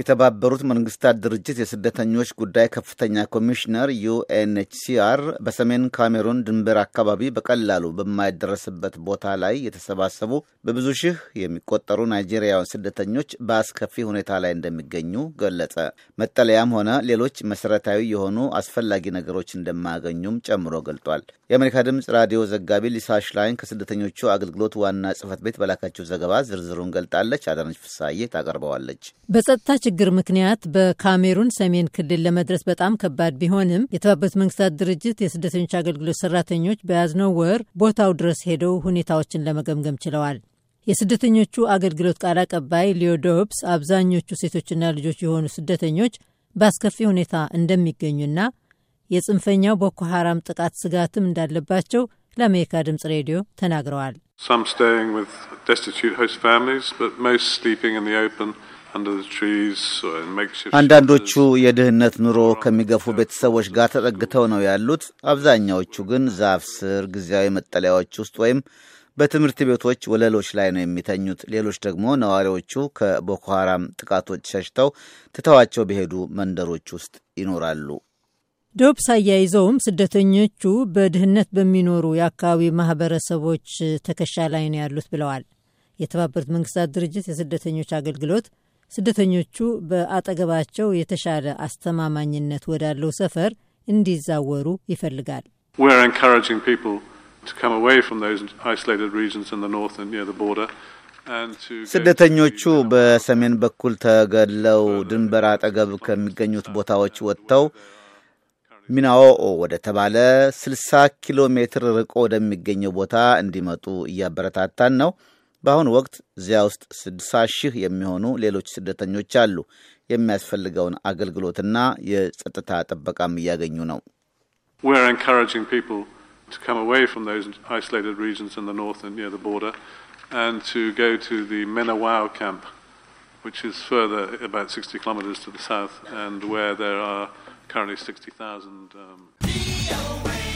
የተባበሩት መንግስታት ድርጅት የስደተኞች ጉዳይ ከፍተኛ ኮሚሽነር ዩኤንኤችሲአር በሰሜን ካሜሩን ድንበር አካባቢ በቀላሉ በማይደረስበት ቦታ ላይ የተሰባሰቡ በብዙ ሺህ የሚቆጠሩ ናይጄሪያውን ስደተኞች በአስከፊ ሁኔታ ላይ እንደሚገኙ ገለጸ። መጠለያም ሆነ ሌሎች መሰረታዊ የሆኑ አስፈላጊ ነገሮች እንደማያገኙም ጨምሮ ገልጧል። የአሜሪካ ድምፅ ራዲዮ ዘጋቢ ሊሳ ሽላይን ከስደተኞቹ አገልግሎት ዋና ጽህፈት ቤት በላካቸው ዘገባ ዝርዝሩን ገልጣለች። አዳነች ፍሳዬ ታቀርበዋለች። በጸጥታ ችግር ምክንያት በካሜሩን ሰሜን ክልል ለመድረስ በጣም ከባድ ቢሆንም የተባበሩት መንግስታት ድርጅት የስደተኞች አገልግሎት ሰራተኞች በያዝነው ወር ቦታው ድረስ ሄደው ሁኔታዎችን ለመገምገም ችለዋል። የስደተኞቹ አገልግሎት ቃል አቀባይ ሊዮዶብስ አብዛኞቹ ሴቶችና ልጆች የሆኑ ስደተኞች በአስከፊ ሁኔታ እንደሚገኙና የጽንፈኛው ቦኮ ሐራም ጥቃት ስጋትም እንዳለባቸው ለአሜሪካ ድምጽ ሬዲዮ ተናግረዋል። Uh, አንዳንዶቹ የድህነት ኑሮ ከሚገፉ ቤተሰቦች ጋር ተጠግተው ነው ያሉት። አብዛኛዎቹ ግን ዛፍ ስር ጊዜያዊ መጠለያዎች ውስጥ ወይም በትምህርት ቤቶች ወለሎች ላይ ነው የሚተኙት። ሌሎች ደግሞ ነዋሪዎቹ ከቦኮ ሐራም ጥቃቶች ሸሽተው ትተዋቸው በሄዱ መንደሮች ውስጥ ይኖራሉ። ዶብስ አያይዘውም ስደተኞቹ በድህነት በሚኖሩ የአካባቢ ማህበረሰቦች ትከሻ ላይ ነው ያሉት ብለዋል። የተባበሩት መንግስታት ድርጅት የስደተኞች አገልግሎት ስደተኞቹ በአጠገባቸው የተሻለ አስተማማኝነት ወዳለው ሰፈር እንዲዛወሩ ይፈልጋል። ስደተኞቹ በሰሜን በኩል ተገለው ድንበር አጠገብ ከሚገኙት ቦታዎች ወጥተው ሚናኦኦ ወደ ተባለ 60 ኪሎ ሜትር ርቆ ወደሚገኘው ቦታ እንዲመጡ እያበረታታን ነው። በአሁኑ ወቅት እዚያ ውስጥ ስድሳ ሺህ የሚሆኑ ሌሎች ስደተኞች አሉ። የሚያስፈልገውን አገልግሎትና የጸጥታ ጥበቃም እያገኙ ነው። ሜናዋው ካምፕ